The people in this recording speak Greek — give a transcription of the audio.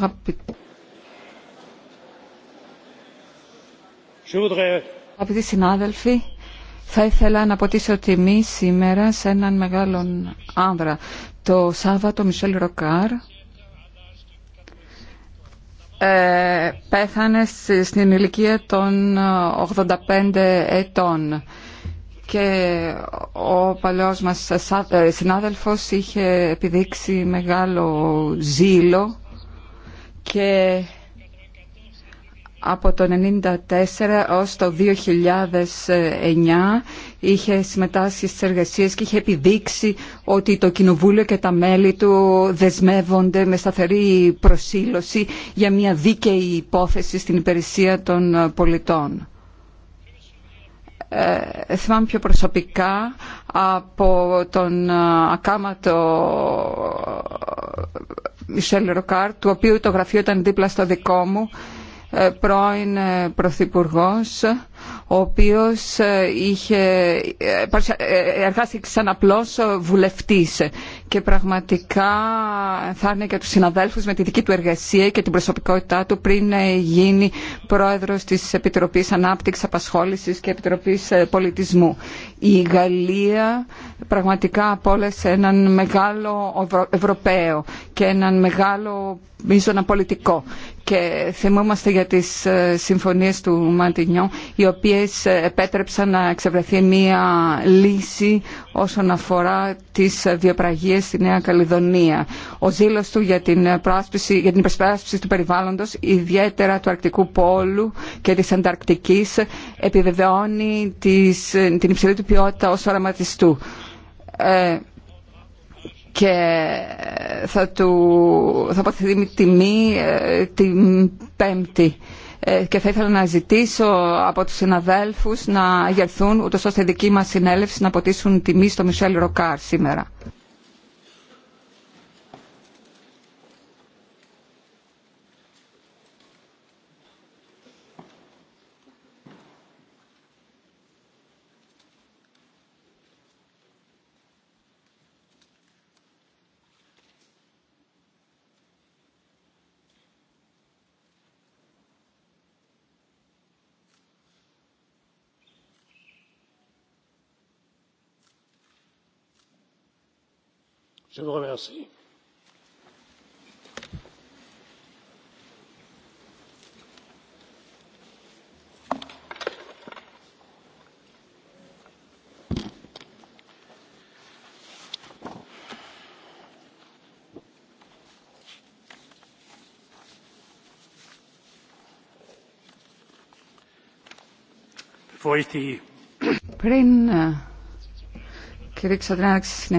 Αγαπητοί συνάδελφοι, θα ήθελα να αποτίσω τιμή σήμερα σε έναν μεγάλο άνδρα. Το Σάββατο Μισελ Ροκάρ ε, πέθανε στην ηλικία των 85 ε, ετών και ο παλαιός μας ε, ε, συνάδελφος είχε επιδείξει μεγάλο ζήλο και από το 1994 ως το 2009 είχε συμμετάσχει στις εργασίες και είχε επιδείξει ότι το Κοινοβούλιο και τα μέλη του δεσμεύονται με σταθερή προσήλωση για μια δίκαιη υπόθεση στην υπηρεσία των πολιτών. Ε, θυμάμαι πιο προσωπικά από τον ε, ακάματο Μισελ Ροκάρ, του οποίου το γραφείο ήταν δίπλα στο δικό μου, ε, πρώην ε, Πρωθυπουργό, ο οποίος ε, είχε, εργάστηκε σαν απλός βουλευτής και πραγματικά θα και τους συναδέλφους με τη δική του εργασία και την προσωπικότητά του πριν γίνει πρόεδρος της Επιτροπής Ανάπτυξης, Απασχόλησης και Επιτροπής Πολιτισμού. Η Γαλλία πραγματικά από όλες έναν μεγάλο Ευρωπαίο και έναν μεγάλο μίζωνα πολιτικό. Και θυμόμαστε για τις ε, συμφωνίες του Μαντινιό, οι οποίες επέτρεψαν να εξευρεθεί μία λύση όσον αφορά τις βιοπραγίες στη Νέα Καλλιδονία. Ο ζήλος του για την, υπερσπέρασπιση του περιβάλλοντος, ιδιαίτερα του Αρκτικού Πόλου και της Ανταρκτικής, επιβεβαιώνει την υψηλή του ποιότητα ως οραματιστού. Ε, και θα του θα τιμή ε, την Πέμπτη ε, και θα ήθελα να ζητήσω από τους συναδέλφους να γερθούν ούτως ώστε η δική μας συνέλευση να αποτίσουν τιμή στο Μισελ Ροκάρ σήμερα. je vous remercie. Πριν ε, κηρύξω την άνοιξη